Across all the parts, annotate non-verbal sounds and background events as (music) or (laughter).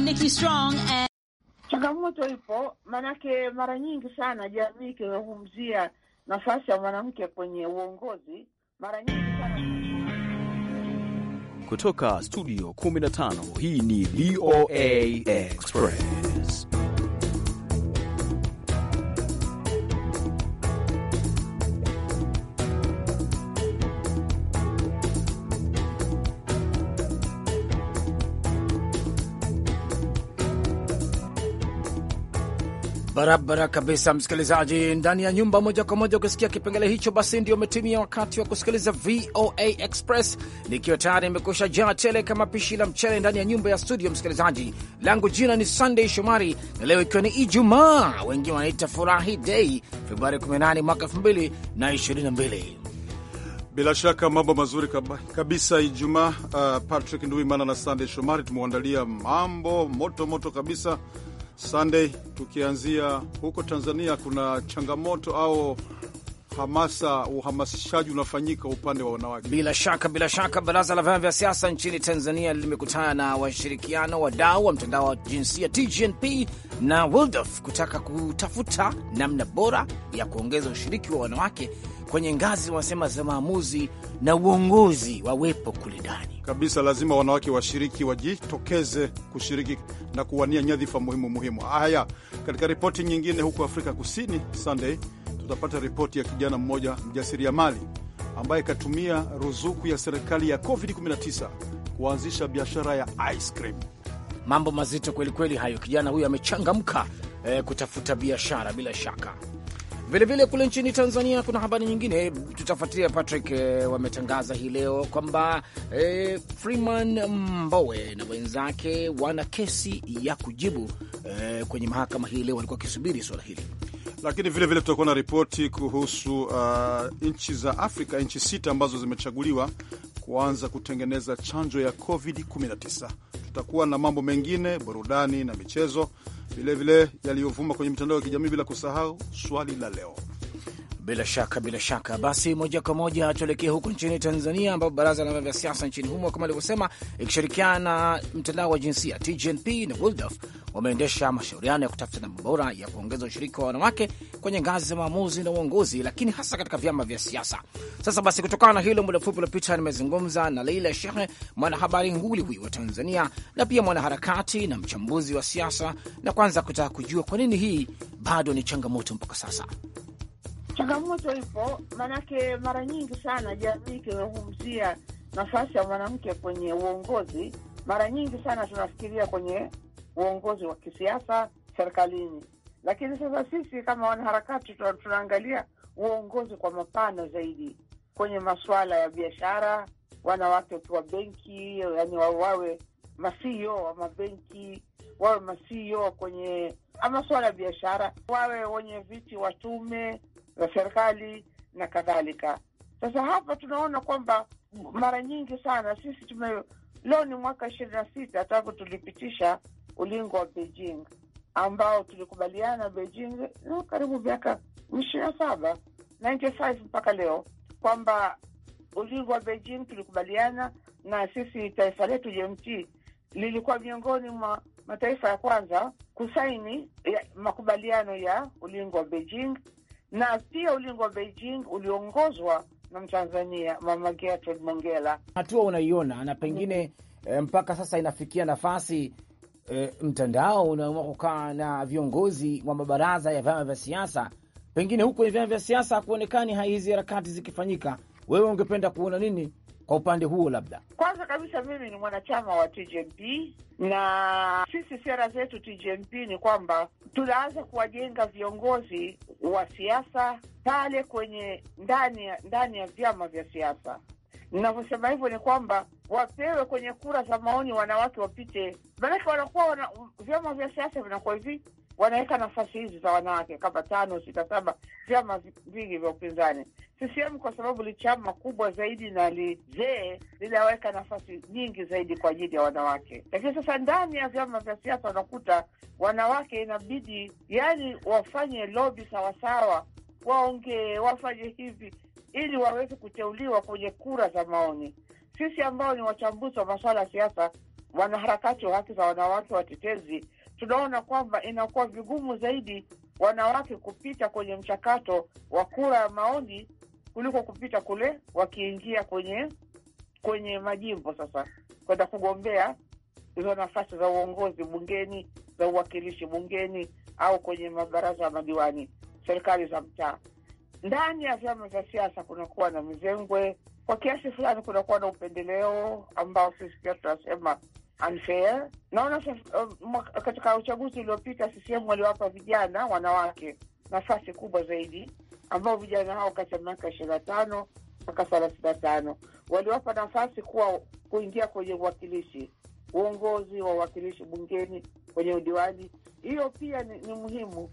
I'm Nikki Strong and... changamoto ipo, manake mara nyingi sana jamii ikizungumzia nafasi ya mwanamke kwenye uongozi mara nyingi sana kutoka studio 15 hii ni VOA Express Barabara kabisa, msikilizaji, ndani ya nyumba moja kwa moja. Ukisikia kipengele hicho, basi ndio umetimia wakati wa kusikiliza VOA Express, nikiwa tayari imekusha jaa tele kama pishi la mchele ndani ya nyumba ya studio. Msikilizaji langu jina ni Sunday Shomari, na leo ikiwa ni Ijumaa, wengine wanaita furahi dei, Februari 18 mwaka 2022. Bila shaka mambo mazuri kabisa Ijumaa. Uh, Patrick Nduimana na Sandey Shomari tumeandalia mambo moto moto kabisa Sunday, tukianzia huko Tanzania, kuna changamoto au hamasa uhamasishaji unafanyika upande wa wanawake. Bila shaka, bila shaka, baraza la vyama vya siasa nchini Tanzania limekutana na washirikiano wadau wa mtandao wa jinsia TGNP na WILDOF kutaka kutafuta namna bora ya kuongeza ushiriki wa wanawake kwenye ngazi wanasema za maamuzi na uongozi, wawepo kule ndani kabisa. Lazima wanawake washiriki, wajitokeze kushiriki na kuwania nyadhifa muhimu muhimu. Haya, katika ripoti nyingine, huku Afrika Kusini Sunday tutapata ripoti ya kijana mmoja mjasiriamali ambaye katumia ruzuku ya serikali ya COVID-19 kuanzisha biashara ya ice cream. Mambo mazito kwelikweli hayo. Kijana huyo amechangamka eh, kutafuta biashara bila shaka. Vilevile kule nchini Tanzania kuna habari nyingine tutafuatilia Patrick. Eh, wametangaza hii leo kwamba eh, Freeman Mbowe na wenzake wana kesi ya kujibu eh, kwenye mahakama hii leo, walikuwa wakisubiri suala hili lakini vile vile tutakuwa na ripoti kuhusu uh, nchi za Afrika, nchi sita ambazo zimechaguliwa kuanza kutengeneza chanjo ya COVID-19. Tutakuwa na mambo mengine, burudani na michezo vilevile, yaliyovuma kwenye mitandao ya kijamii, bila kusahau swali la leo. Bila shaka, bila shaka. Basi moja kwa moja tuelekee huko nchini Tanzania, ambapo baraza la vyama vya siasa nchini humo kama alivyosema, ikishirikiana na mtandao wa jinsia TGNP na WILDOF wameendesha mashauriano ya kutafuta namna bora ya kuongeza ushiriki wa wanawake kwenye ngazi za maamuzi na uongozi, lakini hasa katika vyama vya siasa. Sasa basi, kutokana na hilo, muda mfupi uliopita nimezungumza na Leila Shehe, mwanahabari nguli huyu wa Tanzania na pia mwanaharakati na mchambuzi wa siasa, na kwanza kutaka kujua kwa nini hii bado ni changamoto mpaka sasa. Changamoto ipo, maanake mara nyingi sana jamii ikizungumzia nafasi ya mwanamke kwenye uongozi, mara nyingi sana tunafikiria kwenye uongozi wa kisiasa serikalini, lakini sasa sisi kama wanaharakati tunaangalia uongozi kwa mapana zaidi, kwenye masuala ya biashara, wanawake wakiwa benki, yani wawe masio e wa mabenki, wawe masio e kwenye masuala ya biashara, wawe wenye viti watume za serikali na kadhalika. Sasa hapa tunaona kwamba mara nyingi sana sisi tume, leo ni mwaka ishirini na sita tangu tulipitisha ulingo wa Beijing ambao tulikubaliana Beijing no, karibu miaka ishirini na saba 95 mpaka leo kwamba ulingo wa Beijing tulikubaliana na sisi, taifa letu JMT lilikuwa miongoni mwa mataifa ya kwanza kusaini ya makubaliano ya ulingo wa Beijing na pia ulingo wa Beijing uliongozwa na Mtanzania Mama Gertrude Mongela. Hatua unaiona na pengine e, mpaka sasa inafikia nafasi e, mtandao unaamua kukaa na viongozi wa mabaraza ya vyama vya siasa, pengine huko vyama vya siasa hakuonekani hizi harakati zikifanyika. Wewe ungependa kuona nini kwa upande huo labda? Kwanza kabisa mimi ni mwanachama wa TGMP na sisi sera zetu TGMP ni kwamba tunaanza kuwajenga viongozi wa siasa pale kwenye ndani ya ndani ya vyama vya siasa. Ninavyosema hivyo ni kwamba wapewe kwenye kura za maoni, wanawake wapite, maanake wanakuwa wana, vyama vya siasa vinakuwa hivi wanaweka nafasi hizi za wanawake kama tano, sita, saba, vyama vingi vya upinzani. CCM kwa sababu ni chama kubwa zaidi na lizee linaweka nafasi nyingi zaidi kwa ajili ya wanawake. Lakini sasa ndani ya vyama vya siasa wanakuta wanawake inabidi yani wafanye lobi sawasawa, waongee, wafanye hivi ili waweze kuteuliwa kwenye kura za maoni. Sisi ambao ni wachambuzi wa masuala ya siasa, wanaharakati wa haki za wanawake, watetezi, tunaona kwamba inakuwa vigumu zaidi wanawake kupita kwenye mchakato wa kura ya maoni kuliko kupita kule wakiingia kwenye kwenye majimbo sasa kwenda kugombea hizo nafasi za uongozi bungeni, za uwakilishi bungeni, au kwenye mabaraza ya madiwani, serikali za mtaa. Ndani ya vyama vya siasa kunakuwa na mizengwe kwa kiasi fulani, kunakuwa na upendeleo ambao sisi pia tunasema unfair. Naona um, katika uchaguzi uliopita CCM waliwapa vijana wanawake nafasi kubwa zaidi ambao vijana hao kati ya miaka ishirini na tano mpaka thelathini na tano waliwapa nafasi kuwa kuingia kwenye uwakilishi, uongozi wa uwakilishi bungeni, kwenye udiwani. Hiyo pia ni, ni muhimu.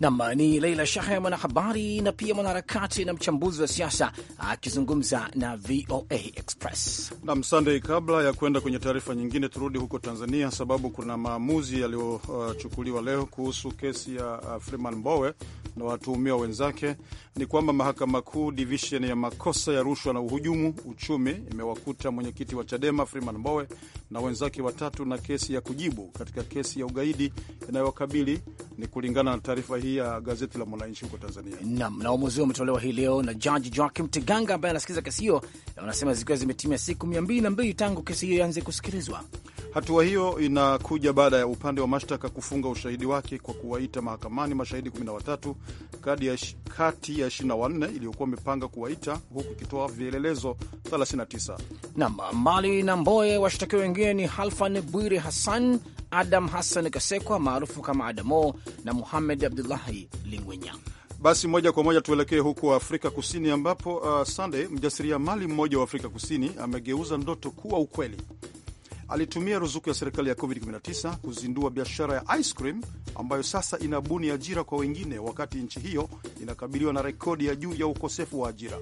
Nam ni Leila Shahe, mwanahabari na pia mwanaharakati na mchambuzi wa siasa akizungumza na VOA Express. Nam Sandey, kabla ya kuenda kwenye taarifa nyingine, turudi huko Tanzania sababu kuna maamuzi yaliyochukuliwa uh, leo kuhusu kesi ya uh, Freeman Mbowe na watuhumiwa wenzake ni kwamba mahakama kuu divishen ya makosa ya rushwa na uhujumu uchumi imewakuta mwenyekiti wa Chadema Freeman Mbowe na wenzake watatu na kesi ya kujibu katika kesi ya ugaidi inayowakabili ni kulingana na taarifa hii ya gazeti la Mwananchi huko Tanzania. Naam, na uamuzi huo umetolewa hii leo na Jaji Joakim Tiganga ambaye anasikiliza kesi hiyo, na wanasema zikiwa zimetimia siku mia mbili na mbili tangu kesi hiyo ianze kusikilizwa. Hatua hiyo inakuja baada ya upande wa mashtaka kufunga ushahidi wake kwa kuwaita mahakamani mashahidi 13 kati ya 24 iliyokuwa imepanga kuwaita huku ikitoa vielelezo 39. Nam Mali na Mboye. Washtakiwa wengine ni Halfan Bwire Hassan, Adam Hassan Kasekwa maarufu kama Adamo na Muhamed Abdullahi Lingwenya. Basi moja kwa moja tuelekee huko Afrika Kusini ambapo uh, Sunday mjasiria mali mmoja wa Afrika Kusini amegeuza ndoto kuwa ukweli alitumia ruzuku ya serikali ya COVID-19 kuzindua biashara ya ice cream ambayo sasa inabuni ajira kwa wengine, wakati nchi hiyo inakabiliwa na rekodi ya juu ya ukosefu wa ajira.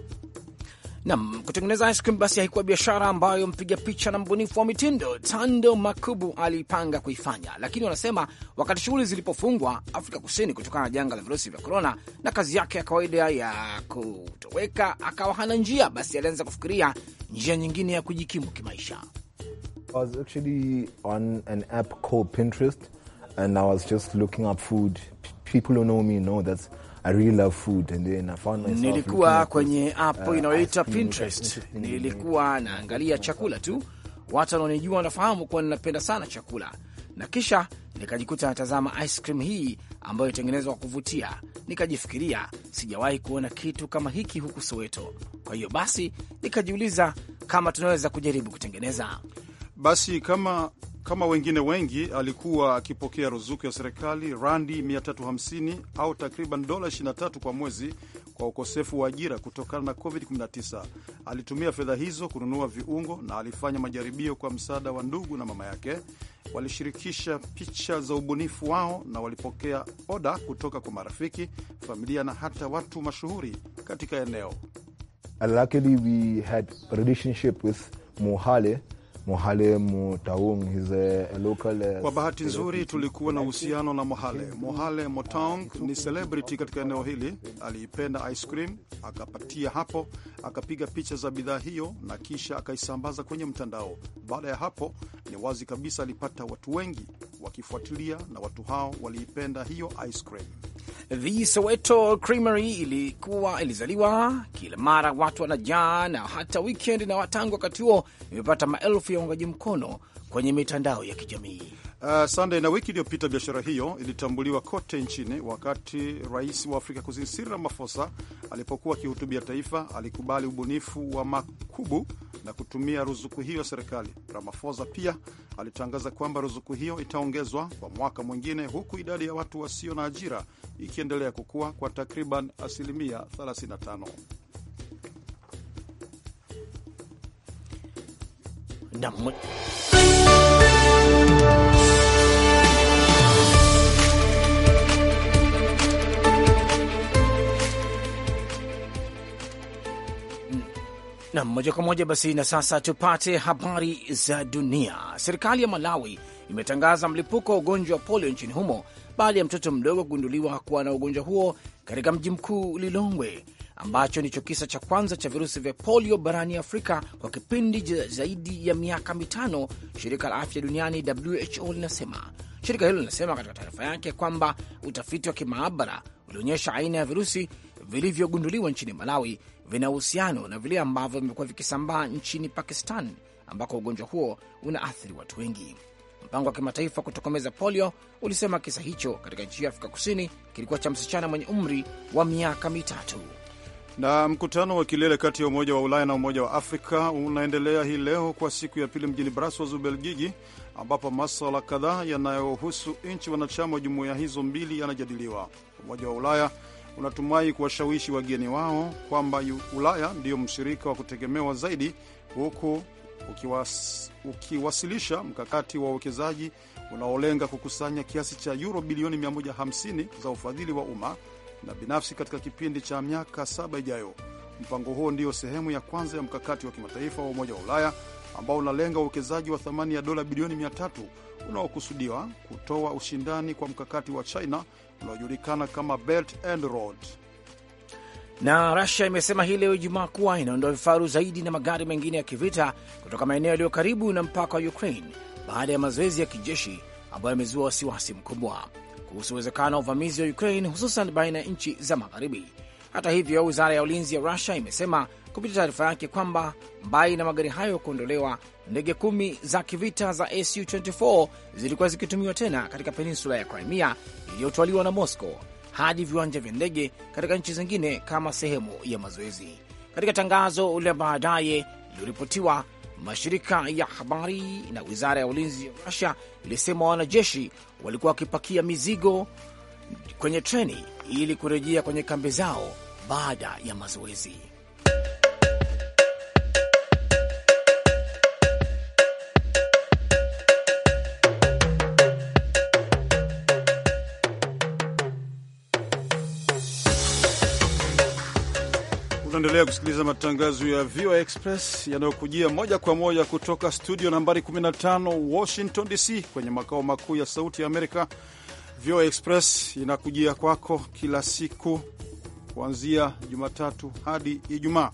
Nam, kutengeneza ice cream basi haikuwa biashara ambayo mpiga picha na mbunifu wa mitindo Tando Makubu alipanga kuifanya, lakini wanasema wakati shughuli zilipofungwa Afrika Kusini kutokana na janga la virusi vya korona na kazi yake ya kawaida ya kutoweka, akawa hana njia, basi alianza kufikiria njia nyingine ya kujikimu kimaisha. I was actually on an app called Pinterest and I was just looking up food. people who know me know that I really love food and then I found myself. Nilikuwa kwenye app uh, inayoitwa Pinterest. Nilikuwa naangalia chakula tu. Watu wanaonijua wanafahamu kuwa ninapenda sana chakula, na kisha nikajikuta natazama ice cream hii ambayo itengenezwa kwa kuvutia. Nikajifikiria, sijawahi kuona kitu kama hiki huku Soweto. Kwa hiyo basi nikajiuliza kama tunaweza kujaribu kutengeneza basi kama, kama wengine wengi alikuwa akipokea ruzuku ya serikali randi 350 au takriban dola 23 kwa mwezi kwa ukosefu wa ajira kutokana na COVID-19. Alitumia fedha hizo kununua viungo na alifanya majaribio kwa msaada wa ndugu na mama yake. Walishirikisha picha za ubunifu wao na walipokea oda kutoka kwa marafiki, familia na hata watu mashuhuri katika eneo. Luckily we had relationship with Mohalem Taung. He's a local, uh, kwa bahati nzuri tulikuwa na uhusiano na Mohale. Mohale Motaung ni celebrity katika eneo hili, aliipenda ice cream akapatia hapo, akapiga picha za bidhaa hiyo na kisha akaisambaza kwenye mtandao. Baada ya hapo, ni wazi kabisa alipata watu wengi wakifuatilia, na watu hao waliipenda hiyo ice cream. The Soweto Creamery ilikuwa ilizaliwa, kila mara watu wanajaa, na hata weekend, na tangu wakati huo imepata maelfu ya uungaji mkono kwenye mitandao ya kijamii. Uh, Sunday na wiki iliyopita biashara hiyo ilitambuliwa kote nchini wakati rais wa Afrika Kusini Cyril Ramaphosa alipokuwa akihutubia taifa, alikubali ubunifu wa Makubu na kutumia ruzuku hiyo ya serikali. Ramaphosa pia alitangaza kwamba ruzuku hiyo itaongezwa kwa mwaka mwingine, huku idadi ya watu wasio na ajira ikiendelea kukua kwa takriban asilimia 35. Damn. na moja kwa moja basi. Na sasa tupate habari za dunia. Serikali ya Malawi imetangaza mlipuko wa ugonjwa wa polio nchini humo baada ya mtoto mdogo kugunduliwa kuwa na ugonjwa huo katika mji mkuu Lilongwe, ambacho ndicho kisa cha kwanza cha virusi vya polio barani Afrika kwa kipindi zaidi ya miaka mitano. Shirika la afya duniani WHO linasema shirika hilo linasema katika taarifa yake kwamba utafiti wa kimaabara ulionyesha aina ya virusi vilivyogunduliwa nchini Malawi vina uhusiano na vile ambavyo vimekuwa vikisambaa nchini Pakistan ambako ugonjwa huo unaathiri watu wengi. Mpango wa kimataifa kutokomeza polio ulisema kisa hicho katika nchi ya Afrika Kusini kilikuwa cha msichana mwenye umri wa miaka mitatu. Na mkutano wa kilele kati ya Umoja wa Ulaya na Umoja wa Afrika unaendelea hii leo kwa siku ya pili mjini Brussels, Ubelgiji, ambapo maswala kadhaa yanayohusu nchi wanachama wa jumuiya hizo mbili yanajadiliwa. Umoja wa Ulaya unatumai kuwashawishi wageni wao kwamba Ulaya ndiyo mshirika wa kutegemewa zaidi, huku ukiwas, ukiwasilisha mkakati wa uwekezaji unaolenga kukusanya kiasi cha yuro bilioni 150 za ufadhili wa umma na binafsi katika kipindi cha miaka saba ijayo. Mpango huo ndiyo sehemu ya kwanza ya mkakati wa kimataifa wa Umoja wa Ulaya ambao unalenga uwekezaji wa thamani ya dola bilioni 300 unaokusudiwa kutoa ushindani kwa mkakati wa China unaojulikana kama Belt and Road. Na rasia imesema hii leo Ijumaa kuwa inaondoa vifaru zaidi na magari mengine ya kivita kutoka maeneo yaliyo karibu na mpaka wa Ukraine baada ya mazoezi ya kijeshi ambayo yamezua wasiwasi mkubwa kuhusu uwezekano wa uvamizi wa Ukraine, hususan baina ya nchi za magharibi. Hata hivyo, wizara ya ulinzi ya rusia imesema kupitia taarifa yake kwamba mbali na magari hayo kuondolewa, ndege kumi za kivita za su24 zilikuwa zikitumiwa tena katika peninsula ya Crimea iliyotwaliwa na Moscow hadi viwanja vya ndege katika nchi zingine kama sehemu ya mazoezi. Katika tangazo la baadaye iliyoripotiwa mashirika ya habari na wizara ya ulinzi ya Rusia ilisema wanajeshi walikuwa wakipakia mizigo kwenye treni ili kurejea kwenye kambi zao baada ya mazoezi. Unaendelea kusikiliza matangazo ya VOA Express yanayokujia moja kwa moja kutoka studio nambari 15 Washington DC, kwenye makao makuu ya Sauti ya Amerika. VOA Express inakujia kwako kila siku kuanzia Jumatatu hadi Ijumaa.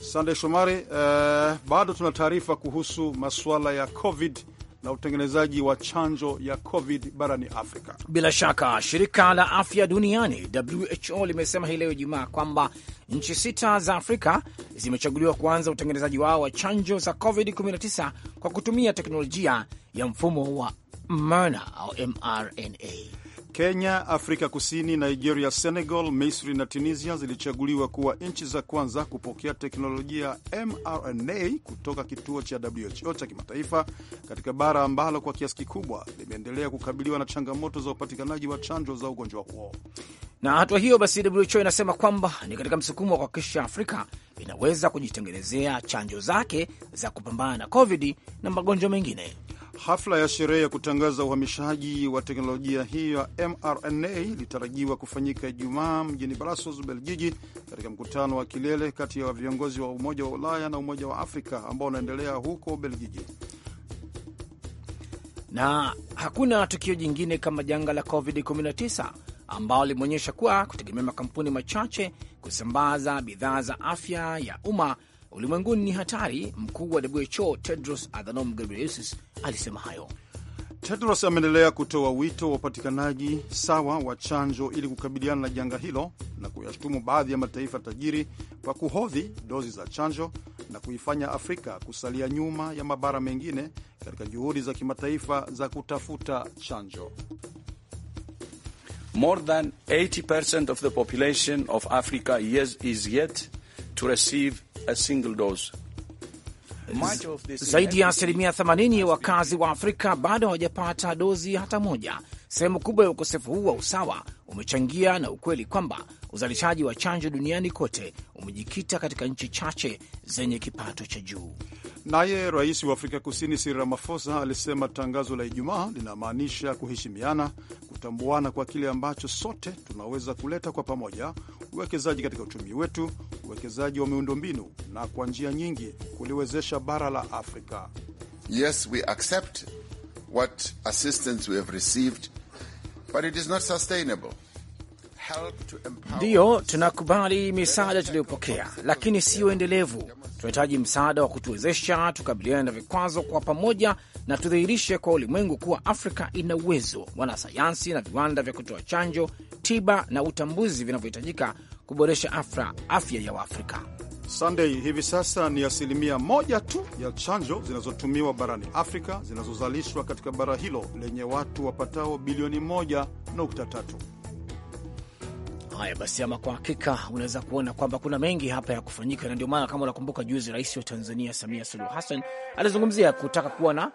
Sandey Shomari, uh, bado tuna taarifa kuhusu masuala ya COVID na utengenezaji wa chanjo ya COVID barani Afrika. Bila shaka, shirika la afya duniani WHO limesema hii leo Ijumaa kwamba nchi sita za Afrika zimechaguliwa kuanza utengenezaji wao wa chanjo za COVID-19 kwa kutumia teknolojia ya mfumo wa Mrna au mRNA. Kenya, Afrika Kusini, Nigeria, Senegal, Misri na Tunisia zilichaguliwa kuwa nchi za kwanza kupokea teknolojia mRNA kutoka kituo cha WHO cha kimataifa katika bara ambalo kwa kiasi kikubwa limeendelea kukabiliwa na changamoto za upatikanaji wa chanjo za ugonjwa huo. Na hatua hiyo basi, WHO inasema kwamba ni katika msukumo wa kuhakikisha Afrika inaweza kujitengenezea chanjo zake za kupambana na COVID na magonjwa mengine. Hafla ya sherehe ya kutangaza uhamishaji wa teknolojia hii ya mRNA ilitarajiwa kufanyika Ijumaa mjini Brussels, belgiji katika mkutano wa kilele kati ya viongozi wa Umoja wa Ulaya na Umoja wa Afrika ambao unaendelea huko belgiji Na hakuna tukio jingine kama janga la COVID-19 ambao limeonyesha kuwa kutegemea makampuni machache kusambaza bidhaa za afya ya umma ulimwenguni ni hatari, mkuu wa WHO Tedros Adhanom Ghebreyesus alisema hayo. Tedros ameendelea kutoa wito wa upatikanaji sawa wa chanjo ili kukabiliana na janga hilo na kuyashutumu baadhi ya mataifa tajiri kwa kuhodhi dozi za chanjo na kuifanya Afrika kusalia nyuma ya mabara mengine katika juhudi za kimataifa za kutafuta chanjo. More than 80% of the population of Africa is yet to receive a single dose. Zaidi ya asilimia 80 ya wakazi wa Afrika bado hawajapata dozi hata moja. Sehemu kubwa ya ukosefu huu wa usawa umechangia na ukweli kwamba Uzalishaji wa chanjo duniani kote umejikita katika nchi chache zenye kipato cha juu. Naye rais wa Afrika Kusini Cyril Ramaphosa alisema tangazo la Ijumaa linamaanisha kuheshimiana, kutambuana kwa kile ambacho sote tunaweza kuleta kwa pamoja, uwekezaji katika uchumi wetu, uwekezaji wa miundombinu na kwa njia nyingi kuliwezesha bara la Afrika. Yes, we accept what assistance we have received, but it is not sustainable. Ndiyo, tunakubali misaada tuliyopokea, lakini siyo endelevu. Tunahitaji msaada wa kutuwezesha tukabiliane na vikwazo kwa pamoja, na tudhihirishe kwa ulimwengu kuwa Afrika ina uwezo, wanasayansi na viwanda vya kutoa chanjo, tiba na utambuzi vinavyohitajika kuboresha afra, afya ya Waafrika. Sunday, hivi sasa ni asilimia moja tu ya chanjo zinazotumiwa barani Afrika zinazozalishwa katika bara hilo lenye watu wapatao bilioni moja nukta tatu. Haya basi, ama kwa hakika unaweza kuona kwamba kuna mengi hapa ya kufanyika, na ndio maana kama unakumbuka, juzi Rais wa Tanzania Samia Suluhu Hassan alizungumzia kutaka kuwa na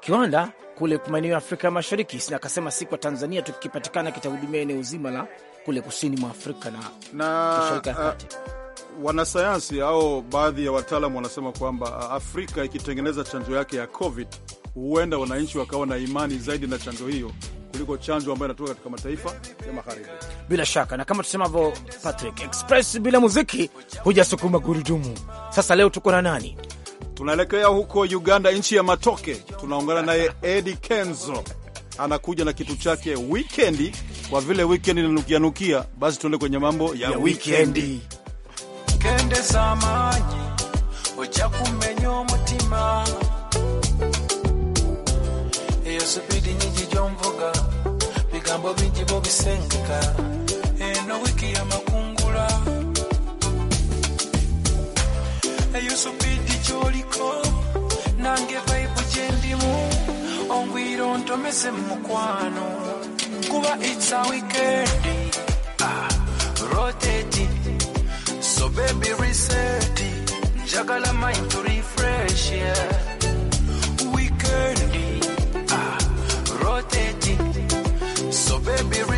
kiwanda kule maeneo ya Afrika ya Mashariki, na akasema si kwa Tanzania tukipatikana kitahudumia eneo zima la kule kusini mwa Afrika na, na mashariki ya uh, kati uh, wanasayansi au baadhi ya wataalam wanasema kwamba uh, Afrika ikitengeneza chanjo yake ya COVID huenda wananchi wakawa na imani zaidi na chanjo hiyo kuliko chanjo ambayo inatoka katika mataifa ya magharibi. Bila shaka, na kama tusemavyo Patrick Express, bila muziki hujasukuma gurudumu. Sasa leo tuko na nani? Tunaelekea huko Uganda, nchi ya matoke. Tunaongana naye Eddie Kenzo, anakuja na kitu chake wikendi. Kwa vile wikendi nukia, basi tuende kwenye mambo ya, ya wikendi kende samanyi ocha kumenya omutima sipidi nyingi gyomvuga bigambo bingi bobisengeka eno wiki ya makungula eyo supidi gyoliko nange vaibu gyendimu ongwiro ntomeze mu mukwano kuba its a weekend ah, roteti so baby reset njagala mind to refresh yeah.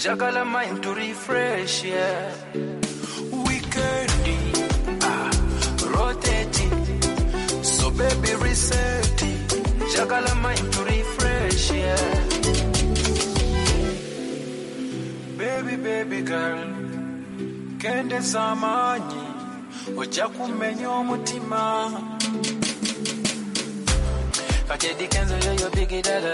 Jagala mind to refresh, yeah. Weekendi, ah, rotating. So baby reset it. Jagala mind to refresh, yeah. Baby, baby girl, kende samanyi, oja kumenya omutima. Kachedi kenzo yoyo bigidala,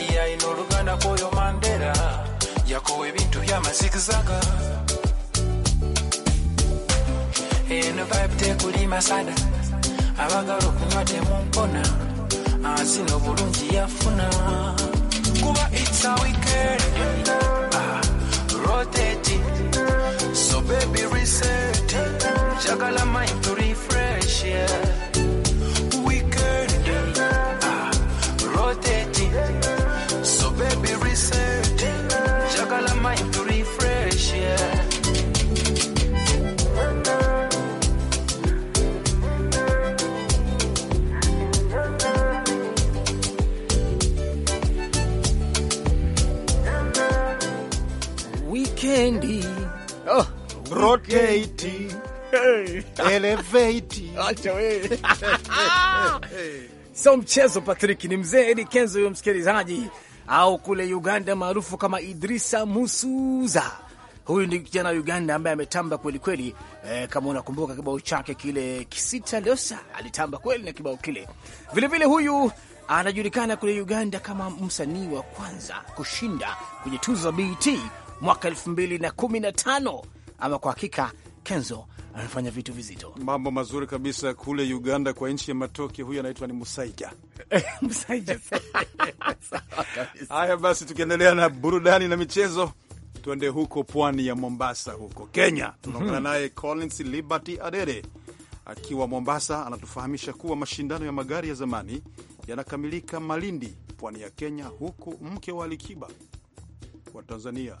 iya inoluganda koyo mandera byako ebintu byamazigizaga eno vibe tekulima sada abagala okunywa temumpona azino bulungi yafuna kuba it's a weekend uh, rotate so baby reset jagala mind to refresh yeah. oh, rotate hey. elevate acha wewe so mchezo Patrick ni mzee Eddie Kenzo huyo msikilizaji, au kule Uganda maarufu kama Idrisa Musuza. Huyu ni kijana wa Uganda ambaye ametamba kweli kweli. E, kama unakumbuka kibao chake kile Kisita Losa alitamba kweli na kibao kile. vilevile vile huyu anajulikana kule Uganda kama msanii wa kwanza kushinda kwenye tuzo za BET mwaka tano. ama kwa hakika Kenzo amefanya vitu vizito, mambo mazuri kabisa kule Uganda kwa nchi ya matoke. Huyu anaitwa ni Musaija. (laughs) Musaija, (laughs) haya basi, tukiendelea na burudani na michezo, tuende huko pwani ya Mombasa huko Kenya. tunaongana mhm. naye Collins Liberty Adede akiwa Mombasa, anatufahamisha kuwa mashindano ya magari ya zamani yanakamilika Malindi, pwani ya Kenya, huku mke wa Alikiba wa Tanzania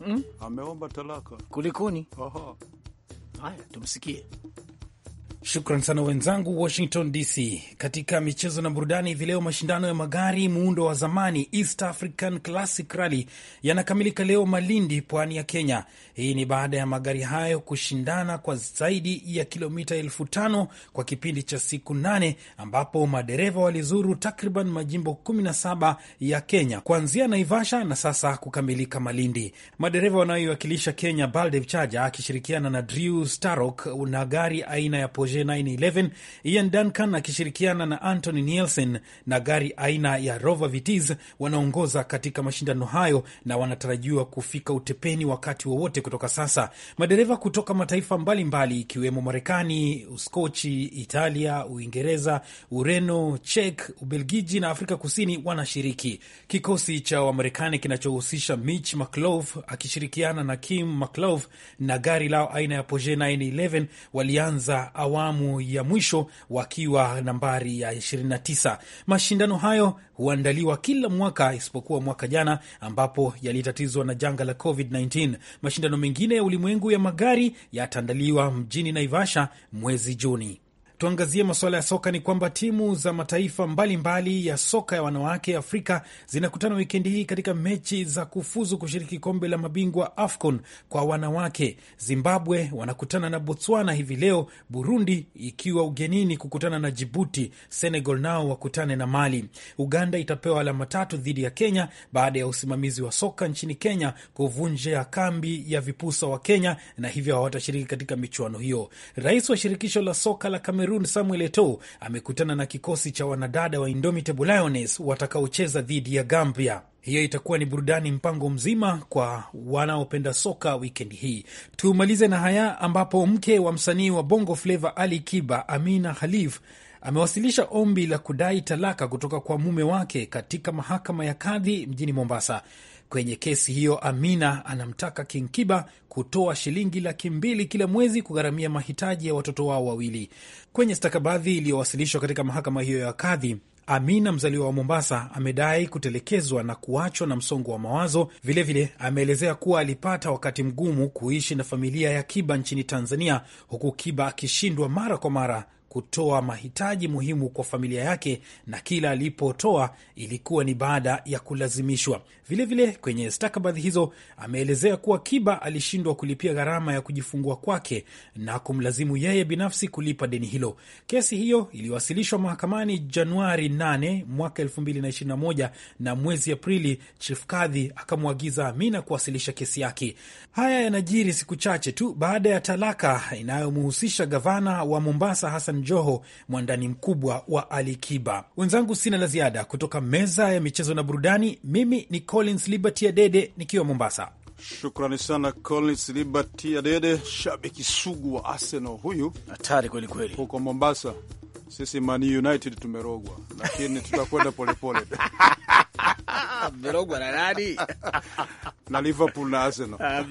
mm? Ameomba talaka kulikoni? Aha. Haya, tumsikie. Shukran sana wenzangu Washington DC. Katika michezo na burudani hivi leo, mashindano ya magari muundo wa zamani East African Classic Rally yanakamilika leo Malindi, pwani ya Kenya. Hii ni baada ya magari hayo kushindana kwa zaidi ya kilomita elfu tano kwa kipindi cha siku nane ambapo madereva walizuru takriban majimbo 17 ya Kenya kuanzia Naivasha na sasa kukamilika Malindi. Madereva wanayoiwakilisha Kenya, Baldev Chaja akishirikiana na Drew Starok na gari aina ya Peugeot 911 Ian Duncan akishirikiana na Anthony Nielsen na gari aina ya Rover Vitiz wanaongoza katika mashindano hayo na wanatarajiwa kufika utepeni wakati wowote kutoka sasa. Madereva kutoka mataifa mbalimbali ikiwemo Marekani, Uskochi, Italia, Uingereza, Ureno, chek Ubelgiji na Afrika Kusini wanashiriki. Kikosi cha Wamarekani kinachohusisha Mitch McLove akishirikiana na Kim McLove na gari lao aina ya Porsche 911 walianza awamu awamu ya mwisho wakiwa nambari ya 29. Mashindano hayo huandaliwa kila mwaka isipokuwa mwaka jana ambapo yalitatizwa na janga la COVID-19. Mashindano mengine ya ulimwengu ya magari yataandaliwa mjini Naivasha mwezi Juni tuangazie masuala ya soka, ni kwamba timu za mataifa mbalimbali mbali ya soka ya wanawake Afrika zinakutana wikendi hii katika mechi za kufuzu kushiriki kombe la mabingwa AFCON kwa wanawake. Zimbabwe wanakutana na Botswana hivi leo, Burundi ikiwa ugenini kukutana na Jibuti, Senegal nao wakutane na Mali. Uganda itapewa alama tatu dhidi ya Kenya baada ya usimamizi wa soka nchini Kenya kuvunja kambi ya vipusa wa Kenya na hivyo hawatashiriki katika michuano hiyo. Rais wa shirikisho la soka la Kamer Cameroon Samuel Eto amekutana na kikosi cha wanadada wa Indomitable Lionesses watakaocheza dhidi ya Gambia. Hiyo itakuwa ni burudani mpango mzima kwa wanaopenda soka wikendi hii. Tumalize na haya ambapo mke wa msanii wa Bongo Flava Ali Kiba, Amina Khalif amewasilisha ombi la kudai talaka kutoka kwa mume wake katika mahakama ya kadhi mjini Mombasa. Kwenye kesi hiyo, Amina anamtaka King Kiba kutoa shilingi laki mbili kila mwezi kugharamia mahitaji ya watoto wao wawili. Kwenye stakabadhi iliyowasilishwa katika mahakama hiyo ya kadhi, Amina mzaliwa wa Mombasa amedai kutelekezwa na kuachwa na msongo wa mawazo. Vilevile ameelezea kuwa alipata wakati mgumu kuishi na familia ya Kiba nchini Tanzania, huku Kiba akishindwa mara kwa mara kutoa mahitaji muhimu kwa familia yake, na kila alipotoa ilikuwa ni baada ya kulazimishwa. Vilevile vile, kwenye stakabadhi hizo ameelezea kuwa Kiba alishindwa kulipia gharama ya kujifungua kwake na kumlazimu yeye binafsi kulipa deni hilo. Kesi hiyo iliwasilishwa mahakamani Januari 8 mwaka 2021 na mwezi Aprili chief kadhi akamwagiza Amina kuwasilisha kesi yake. Haya yanajiri siku chache tu baada ya talaka inayomhusisha gavana wa Mombasa Hassan Joho, mwandani mkubwa wa Alikiba. Wenzangu, sina la ziada kutoka meza ya michezo na burudani. Mimi ni Collins Liberty Adede nikiwa Mombasa. Shukrani sana Collins Liberty Adede, shabiki sugu wa Arsenal huyu, hatari kwelikweli huko Mombasa. Sisi Man United tumerogwa, lakini tutakwenda polepole. (laughs) merogwa na nani? (laughs) na Liverpool na Arsenal. Ah,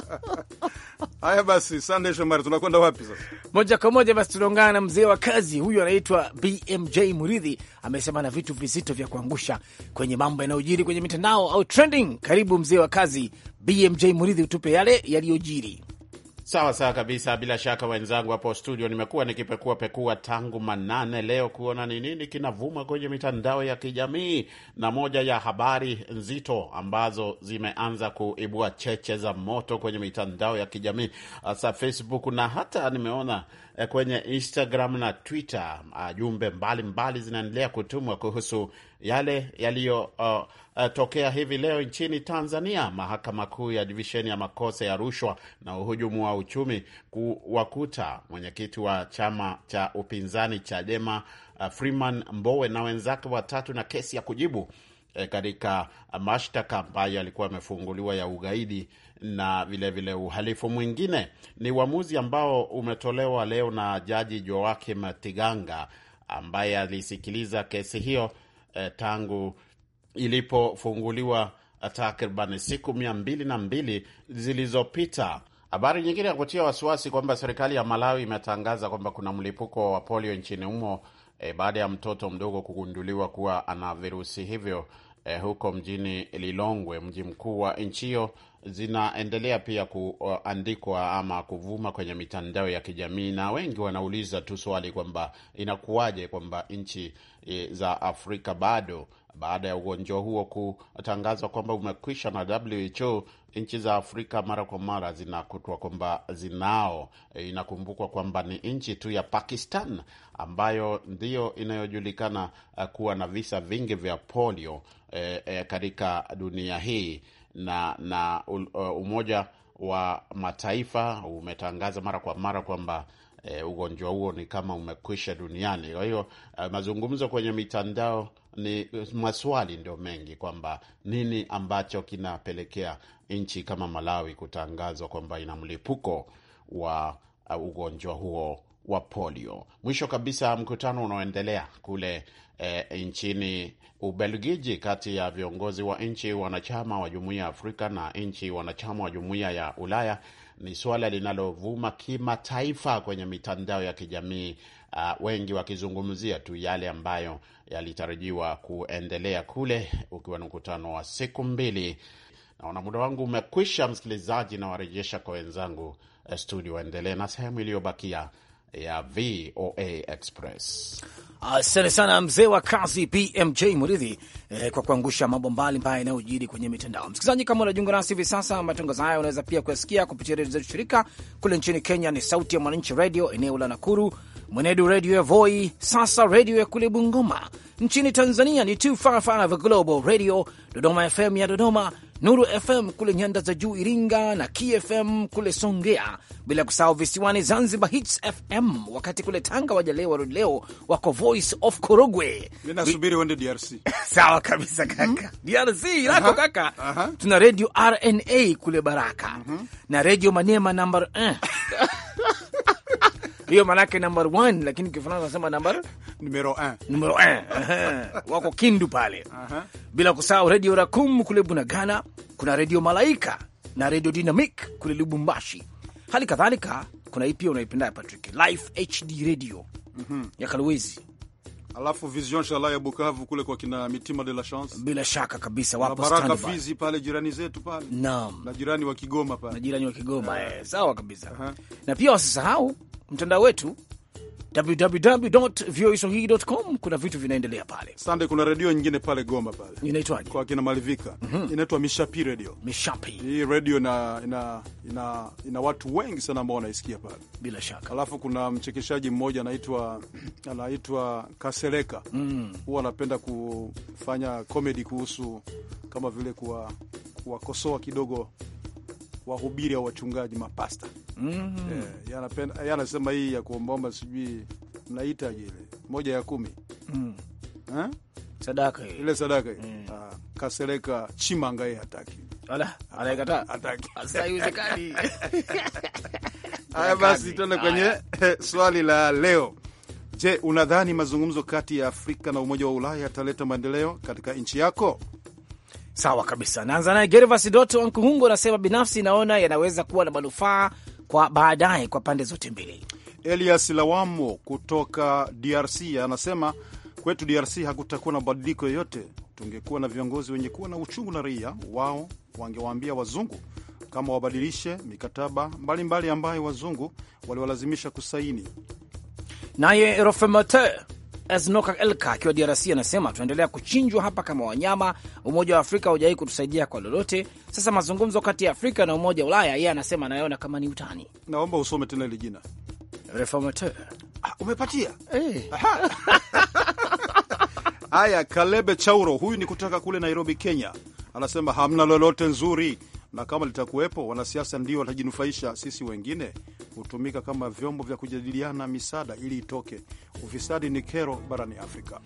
(laughs) Haya basi, Sande Shomari, tunakwenda wapi sasa? Moja kwa moja basi tunaungana na mzee wa kazi huyu, anaitwa BMJ Muridhi. Amesema na vitu vizito vya kuangusha kwenye mambo yanayojiri kwenye mitandao au trending. Karibu mzee wa kazi BMJ Muridhi, utupe yale yaliyojiri. Sawa sawa kabisa, bila shaka wenzangu hapo studio, nimekuwa nikipekua pekua tangu manane leo kuona ni nini kinavuma kwenye mitandao ya kijamii, na moja ya habari nzito ambazo zimeanza kuibua cheche za moto kwenye mitandao ya kijamii hasa Facebook na hata nimeona eh, kwenye Instagram na Twitter, jumbe mbalimbali zinaendelea kutumwa kuhusu yale yaliyo uh, Uh, tokea hivi leo nchini Tanzania, mahakama kuu ya divisheni ya makosa ya rushwa na uhujumu wa uchumi kuwakuta mwenyekiti wa chama cha upinzani Chadema uh, Freeman Mbowe na wenzake watatu na kesi ya kujibu E, katika mashtaka ambayo yalikuwa yamefunguliwa ya ugaidi na vilevile vile uhalifu mwingine. Ni uamuzi ambao umetolewa leo na Jaji Joakim Tiganga ambaye alisikiliza kesi hiyo e, tangu ilipofunguliwa uh, takriban siku mia mbili na mbili zilizopita. Habari nyingine ya kutia wasiwasi kwamba serikali ya Malawi imetangaza kwamba kuna mlipuko wa polio nchini humo e, baada ya mtoto mdogo kugunduliwa kuwa ana virusi hivyo e, huko mjini Lilongwe, mji mkuu wa nchi hiyo, zinaendelea pia kuandikwa ama kuvuma kwenye mitandao ya kijamii, na wengi wanauliza tu swali kwamba inakuwaje kwamba nchi e, za Afrika bado baada ya ugonjwa huo kutangazwa kwamba umekwisha na WHO nchi za Afrika mara kwa mara zinakutwa kwamba zinao. E, inakumbukwa kwamba ni nchi tu ya Pakistan ambayo ndiyo inayojulikana e, kuwa na visa vingi vya polio e, e, katika dunia hii na, na e, Umoja wa Mataifa umetangaza mara kwa mara kwamba e, ugonjwa huo ni kama umekwisha duniani. Kwa hiyo eh, mazungumzo kwenye mitandao ni eh, maswali ndio mengi, kwamba nini ambacho kinapelekea nchi kama Malawi kutangazwa kwamba ina mlipuko wa ugonjwa huo wa polio. Mwisho kabisa, mkutano unaoendelea kule eh, nchini Ubelgiji kati ya viongozi wa nchi wanachama wa Jumuiya ya Afrika na nchi wanachama wa Jumuiya ya Ulaya ni suala linalovuma kimataifa kwenye mitandao ya kijamii, uh, wengi wakizungumzia tu yale ambayo yalitarajiwa kuendelea kule, ukiwa ni mkutano wa siku mbili. Naona muda wangu umekwisha, msikilizaji, nawarejesha kwa wenzangu eh, studio, waendelee na sehemu iliyobakia ya VOA Express. Asante sana mzee wa kazi PMJ Muridhi eh, kwa kuangusha mambo mbalimbali yanayojiri kwenye mitandao. Msikilizaji, kama unajiunga nasi hivi sasa, matangazo haya unaweza pia kuyasikia kupitia redio zetu shirika. Kule nchini Kenya ni Sauti ya Mwananchi Radio eneo la Nakuru, mwenedu redio ya Voi, sasa redio ya kule Bungoma. Nchini Tanzania ni 255 Global Radio, Dodoma FM ya Dodoma, Nuru FM kule nyanda za juu Iringa na KFM kule Songea, bila kusahau visiwani Zanzibar Hits FM. Wakati kule Tanga wajalewa warudi leo wako Voice of Korogwe. Nasubiri uende DRC. (laughs) Sawa kabisa kaka, -hmm. DRC lako kaka. uh -huh. Tuna redio RNA kule Baraka uh mhm. -huh. na redio Manema namba (laughs) hiyo maanake number one, lakini Kifaransa nasema number numero un, numero un. wako Kindu pale uh -huh. bila kusahau redio Rakum kule Bunagana, kuna redio Malaika na redio Dynamic kule Lubumbashi. Hali kadhalika kuna hii pia unaipenda Patrick, Live HD radio mm -hmm. ya Kalwezi, alafu Vision Shala ya Bukavu kule kwa kina Mitima de la Chance, bila shaka kabisa wapo Baraka Fizi pale jirani zetu pale, naam, na jirani wa Kigoma pale, na jirani wa Kigoma yeah. eh, sawa kabisa uh -huh. na pia wasisahau mtandao wetu www.voaswahili.com kuna vitu vinaendelea pale. Sande, kuna redio nyingine pale Goma pale. Inaitwaje? Kwa kina Malivika. Mm -hmm. Inaitwa Mishapi Redio. Mishapi. Hii redio ina ina ina, ina watu wengi sana ambao wanaisikia pale. Bila shaka. Alafu kuna mchekeshaji mmoja anaitwa anaitwa Kaseleka. Mm. Huwa anapenda kufanya komedi kuhusu kama vile kuwa kuwakosoa kidogo wahubiri au wachungaji mapasta mm -hmm. yanasema hii ya kuombaomba sijui mnaita ile moja ya kumi mm. sadaka ile sadaka mm. Ah, Kasereka Chimanga yeye hataki ah, (laughs) Haya basi, tuende kwenye eh, swali la leo. Je, unadhani mazungumzo kati ya Afrika na Umoja wa Ulaya yataleta maendeleo katika nchi yako? Sawa kabisa. Naanza naye Gervas Doto Wankuhungu anasema binafsi naona yanaweza kuwa na manufaa kwa baadaye kwa pande zote mbili. Elias Lawamo kutoka DRC anasema kwetu DRC hakutakuwa na mabadiliko yoyote. Tungekuwa na viongozi wenye kuwa na uchungu na raia wao, wangewaambia wazungu kama wabadilishe mikataba mbalimbali mbali ambayo wazungu waliwalazimisha kusaini. Naye Rofemate Aznoka Elka akiwa DRC anasema tunaendelea kuchinjwa hapa kama wanyama. Umoja wa Afrika haujawahi kutusaidia kwa lolote. Sasa mazungumzo kati ya Afrika na Umoja wa Ulaya, yeye anasema anayoona kama ni utani. Naomba usome tena ile jina reformateur. Ah, umepatia hey. Eh. Haya, (laughs) Kalebe Chauro, huyu ni kutoka kule Nairobi, Kenya, anasema hamna lolote nzuri na kama litakuwepo, wanasiasa ndio watajinufaisha. Sisi wengine hutumika kama vyombo vya kujadiliana misaada ili itoke. Ufisadi ni kero barani Afrika.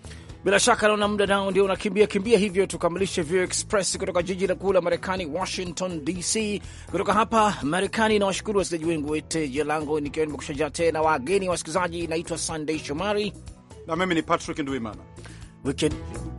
Bila shaka naona muda nao ndio unakimbia kimbia, hivyo tukamilishe VOA Express kutoka jiji la kuu la Marekani, Washington DC. Kutoka hapa Marekani na washukuru wasikilizaji wengi wote. Jina langu nikiwa nimekushajaa tena wageni wasikilizaji, naitwa Sandey Shomari na mimi ni Patrick Nduimana. Wikendi